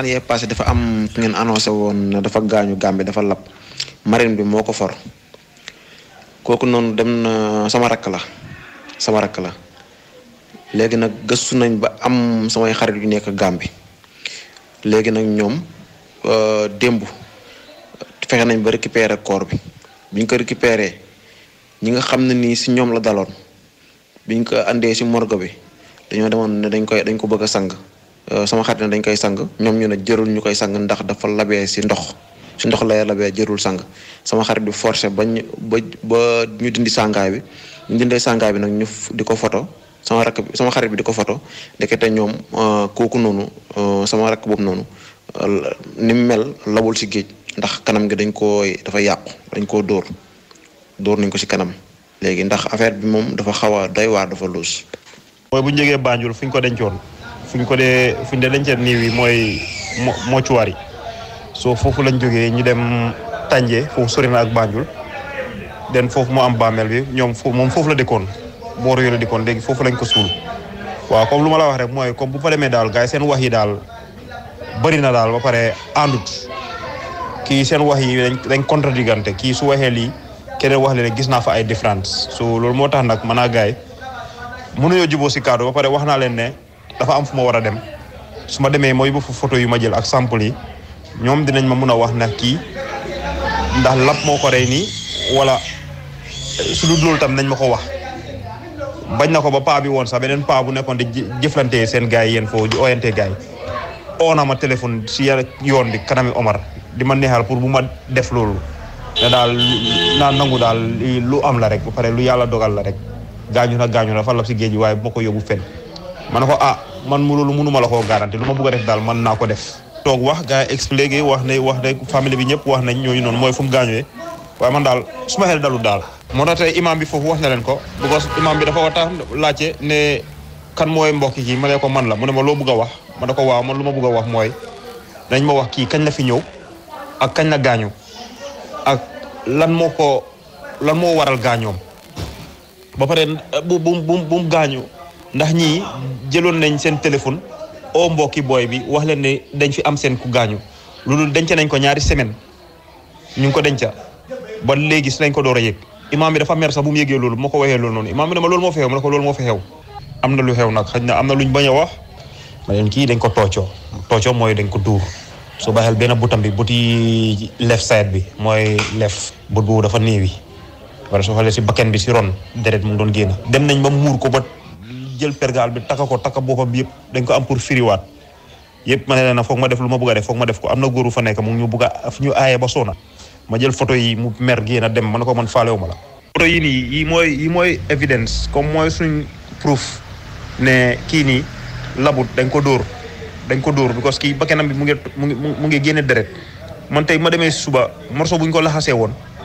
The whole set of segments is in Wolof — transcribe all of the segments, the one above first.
fan yee passé dafa am ku ngeen annoncé woon ne dafa gaañu bi dafa lab marine bi moo ko for kooku noonu dem na sama rakk la sama rakk la léegi nag gëstu nañ ba am samay xarit yu nekk bi léegi nag ñoom euh, démb fexe nañ ba récupérer corps bi biñ ko récupérer ñi nga xam ne nii si ñoom la daloon biñ ko andee si morgue bi dañoo demoon ne dañ koy dañ ko bëgg a sang Euh, sama xarit ne dañ koy sang ñoom ñu ne jërul ñu koy sang ndax dafa labee si ndox si ndox lay labee jërul sang sama xarit bi forcé bañ ba ba ñu dindi sangaay bi ñu dindee sangaay bi nag ñu di ko foto sama rakk sama xarit bi di ko foto ndekete ñoom euh, kooku noonu euh, sama rakk boobu noonu ni mu mel labul si géej ndax kanam gi dañ koo dafa yàqu dañ koo dóor dóor nañ ko si kanam léegi ndax affaire bi moom dafa xaw a doy waa dafa luus. mooy bu ñu jógee Banjul fu ñu ko dencoon. fi ñu ko dee fi ñu dee dencee niiw yi mooy moccuwaar yi soo foofu lañ jogee ñu dem Tànje foofu sori na ak Banjul den foofu moo am bàmmeel bi ñoom foofu moom foofu la dëkkoon moo yooyu la dëkkoon léegi foofu lañ ko suul waaw comme lu ma la wax rek mooy comme bu fa demee daal gaay seen wax yi daal bëri na daal ba pare àndut kii seen wax yi dañ dañ contredigante kii su waxee lii keneen wax leen gis naa fa ay différence so loolu moo tax nag mën naa gars yi mënuñoo si kàddu ba pare wax naa dafa am fu ma war a dem su ma demee mooy bu foto photo yu ma jël ak sample yi ñoom dinañ ma mun a wax nag kii ndax lab moo ko rey nii wala su dul loolu tam nañ ma ko wax bañ na ko ba paa bi woon sax beneen paa bu nekkoon di jëflante seen gars yi yéen foofu di oyante gars yi oo na ma téléphone si yàlla yoon bi kanami Omar di ma neexal pour bu ma def loolu ne daal naa nangu daal lu am la rek ba pare lu yàlla dogal la rek gaañu na gaañu na fa lab si géej gi waaye bu ko yóbbu fen man mu loolu mënuma la koo garanti lu ma bëgg a def daal man naa ko def toog wax gars yi expliqué wax ne wax ne famille bi ñëpp wax nañ ñooñu noonu mooy fu mu gaañowee waaye man daal su ma xel dalul daal moo tax tey bi foofu wax na leen ko because imam bi dafa wa tax laajte ne kan mooy mbokk kii ma ne ko man la mu ne ma loo bëgg a wax ma ne ko waaw man lu ma bëgg a wax mooy dañ ma wax kii kañ la fi ñëw ak kañ la gaañu ak lan moo ko lan moo waral gaañoom mu gaañu ndax ñii jëloon nañ seen téléphone oo mbokki booy bi wax leen ne dañ fi am seen ku gaañu loolu denc nañ ko ñaari semaine ñu ngi ko denca ba léegi su nañ ko door a yëg imaam bi dafa mersa bu mu yëgee loolu moo ko waxee loolu noonu imaam bi dama loolu moo fi lu xew nag xëy na am na luñ bañ a wax ma leen kii dañ ko toocoo toocoo mooy dañ ko duur su baxel benn butam bi buti left side bi mooy left but boobu dafa néewi wala soo xoolee si bakken bi si ron deret mu doon génn dem nañ ba muur ko ba jël pergal bi takk ko taka boppam yëpp dañ ko am pour firiwaat yëpp ma ne leen na foog ma def lu ma bëgg a def foog ma def ko am na góoru fa nekk mu ñu bëgg a ñu aaye ba sona ma jël photo yi mu mer génn a dem ma ne ko man faalewu ma la photo yi nii yi mooy yi mooy évidence comme mooy suñ proof ne kii nii labut dañ ko dóor dañ ko dóor because kii bakkanam bi mu ngi mu ngi mu ngi génne deret man tey ma demee suba morceau bu ñu ko laxasee woon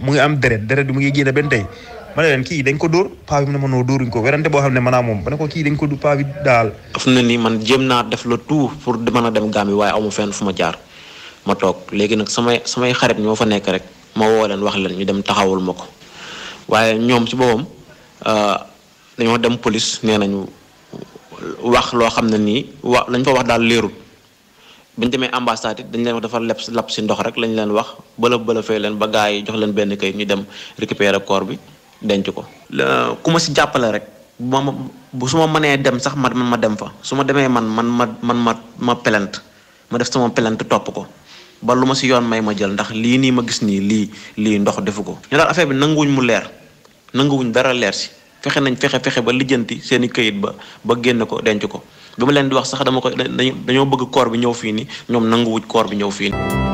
mu ngi am deret deret bi mu ngi génne benn tey ma leen kii dañ ko dóor paa bi mu ne ma noo dóoruñ ko werante boo xam ne maanaam moom ma ne ko kii dañ ko paa bi daal. xam na ni man jéem naa def le tout pour mën a dem Gambie waaye amu fenn fu ma jaar ma toog léegi nag samay samay xarit ñoo fa nekk rek ma woo leen wax leen ñu dem taxawul ma ko waaye ñoom ci boppam euh, dañoo dem police nee nañu wax loo xam ne nii wa lañ fa wax daal leerul. bañ demee ambassade dañ leen wax dafa lepp lapp si ndox rek lañ leen wax bëlëf bëlëfee leen ba gars yi jox leen benn kayit ñu dem récupérer corps bi denc ko. ku ma si jàppale rek ma bu su ma mënee dem sax ma ma dem fa su ma demee man man ma man ma ma plainte ma def sama plainte topp ko. ba lu ma si yoon may ma jël ndax lii nii ma gis nii lii lii ndox defu ko ñu daal affaire bi nanguwuñ mu leer nanguwuñ dara leer si fexe nañ fexe fexe ba lijjanti seen i këyit ba ba génn ko denc ko bi ma leen di wax sax dama ko dañoo bëgg koor bi ñëw fii ni ñoom nanguwuj koor bi ñëw fii ni